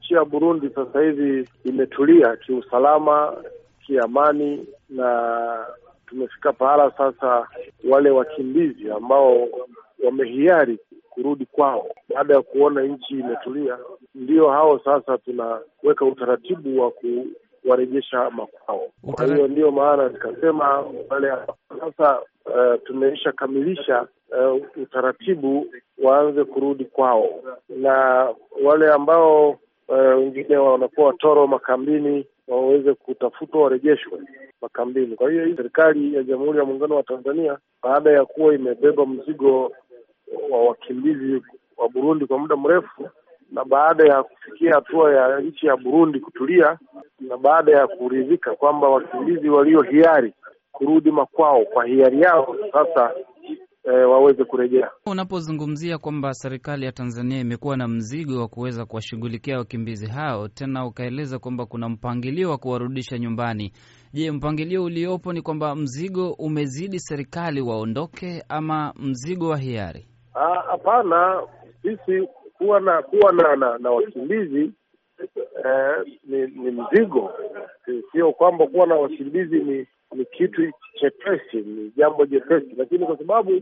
nchi ya Burundi sasa hivi imetulia kiusalama, kiamani na tumefika pahala sasa wale wakimbizi ambao wamehiari kurudi kwao baada ya kuona nchi imetulia, ndio hao sasa tunaweka utaratibu wa kuwarejesha makwao. Kwa hiyo ndiyo maana nikasema wale sasa, uh, tumeisha kamilisha uh, utaratibu waanze kurudi kwao, na wale ambao Eh, wengine uh, wanakuwa watoro makambini, waweze kutafutwa warejeshwe makambini. Kwa hiyo hii serikali ya Jamhuri ya Muungano wa Tanzania baada ya kuwa imebeba mzigo wa wakimbizi wa Burundi kwa muda mrefu, na baada ya kufikia hatua ya nchi ya Burundi kutulia, na baada ya kuridhika kwamba wakimbizi walio hiari kurudi makwao kwa hiari yao sasa e, waweze kurejea. Unapozungumzia kwamba serikali ya Tanzania imekuwa na mzigo wa kuweza kuwashughulikia wakimbizi hao, tena ukaeleza kwamba kuna mpangilio wa kuwarudisha nyumbani. Je, mpangilio uliopo ni kwamba mzigo umezidi serikali waondoke, ama mzigo wa hiari? Ah, hapana, sisi kuwa na kuwa na, na, na wakimbizi eh, ni, ni mzigo, sio kwamba kuwa na wakimbizi ni ni kitu chepesi, ni jambo jepesi, lakini kwa sababu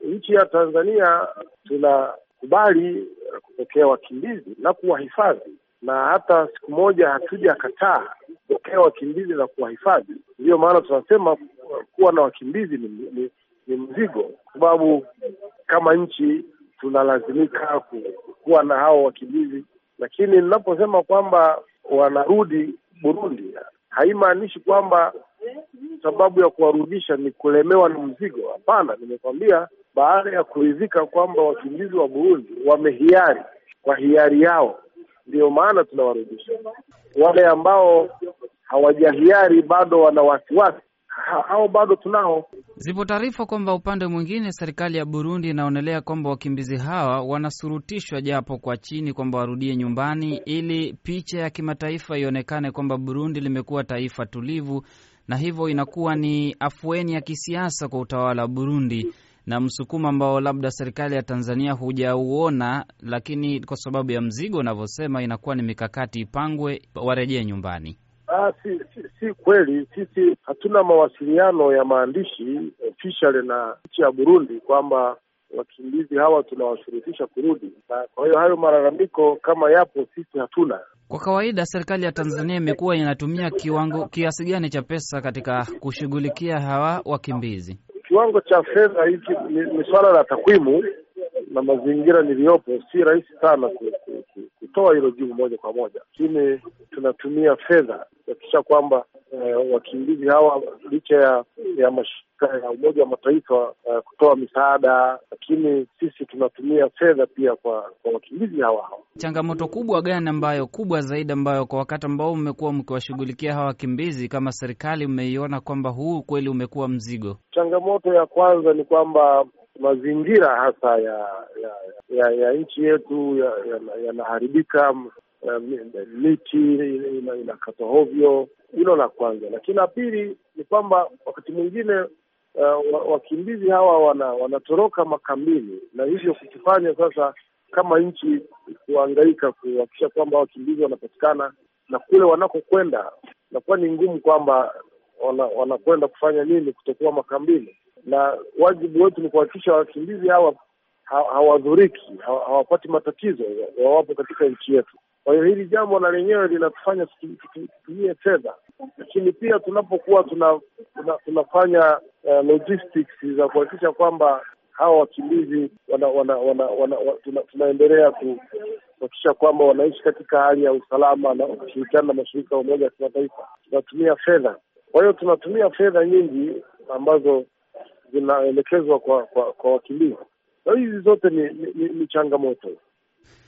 nchi ya Tanzania tunakubali kupokea wakimbizi na kuwahifadhi, na hata siku moja hatuja kataa kupokea wakimbizi na kuwahifadhi. Ndiyo maana tunasema kuwa na wakimbizi ni, ni, ni mzigo, kwa sababu kama nchi tunalazimika kuwa na hao wakimbizi. Lakini ninaposema kwamba wanarudi Burundi haimaanishi kwamba sababu ya kuwarudisha ni kulemewa na mzigo. Hapana, nimekwambia baada ya kuridhika kwamba wakimbizi wa Burundi wamehiari kwa hiari yao, ndiyo maana tunawarudisha. Wale ambao hawajahiari bado wana wasiwasi hao bado tunao. Zipo taarifa kwamba upande mwingine serikali ya Burundi inaonelea kwamba wakimbizi hawa wanasurutishwa japo kwa chini, kwamba warudie nyumbani ili picha ya kimataifa ionekane kwamba Burundi limekuwa taifa tulivu na hivyo inakuwa ni afueni ya kisiasa kwa utawala wa Burundi na msukumo ambao labda serikali ya Tanzania hujauona, lakini kwa sababu ya mzigo unavyosema, inakuwa ni mikakati ipangwe warejee nyumbani. Ah, si, si, si kweli. Sisi hatuna mawasiliano ya maandishi official na nchi ya Burundi kwamba wakimbizi hawa tunawashurutisha kurudi. Kwa hiyo hayo malalamiko kama yapo, sisi hatuna. Kwa kawaida serikali ya Tanzania imekuwa inatumia kiwango kiasi gani cha pesa katika kushughulikia hawa wakimbizi? Kiwango cha fedha hiki ni, ni swala la takwimu na mazingira niliyopo, si rahisi sana kutoa hilo jibu moja kwa moja, lakini tunatumia fedha kuhakikisha kwamba e, wakimbizi hawa licha ya ya mashirika ya Umoja wa Mataifa uh, kutoa misaada, lakini sisi tunatumia fedha pia kwa kwa wakimbizi hawa hawa. Changamoto kubwa gani ambayo kubwa zaidi ambayo kwa wakati ambao mmekuwa mkiwashughulikia hawa wakimbizi kama serikali mmeiona kwamba huu kweli umekuwa mzigo? Changamoto ya kwanza ni kwamba mazingira hasa ya ya, ya, ya nchi yetu yanaharibika ya, ya Eh, miti inakatwa hovyo. Hilo la kwanza, lakini la pili ni kwamba wakati mwingine uh, wakimbizi hawa wana, wanatoroka makambini na hivyo kukifanya sasa kama nchi kuangaika kuhakikisha kwamba wakimbizi wanapatikana na kule wanakokwenda, nakuwa ni ngumu kwamba wanakwenda wana kufanya nini kutokuwa makambini, na wajibu wetu ni kuhakikisha wakimbizi hawa hawadhuriki, hawapati matatizo wawapo katika nchi yetu. Kwa hiyo hili jambo na lenyewe linatufanya tutumie fedha, lakini pia tunapokuwa tuna, tuna, tunafanya uh, logistics za kuhakikisha kwamba hawa wakimbizi wana, wana, wana, wana, tunaendelea kuhakikisha kwamba wanaishi katika hali ya usalama na kushirikiana na mashirika ya Umoja wa Kimataifa, tunatumia fedha. Kwa hiyo tunatumia fedha nyingi ambazo zinaelekezwa kwa kwa, kwa wakimbizi. Kwa hiyo hizi zote ni, ni, ni, ni changamoto.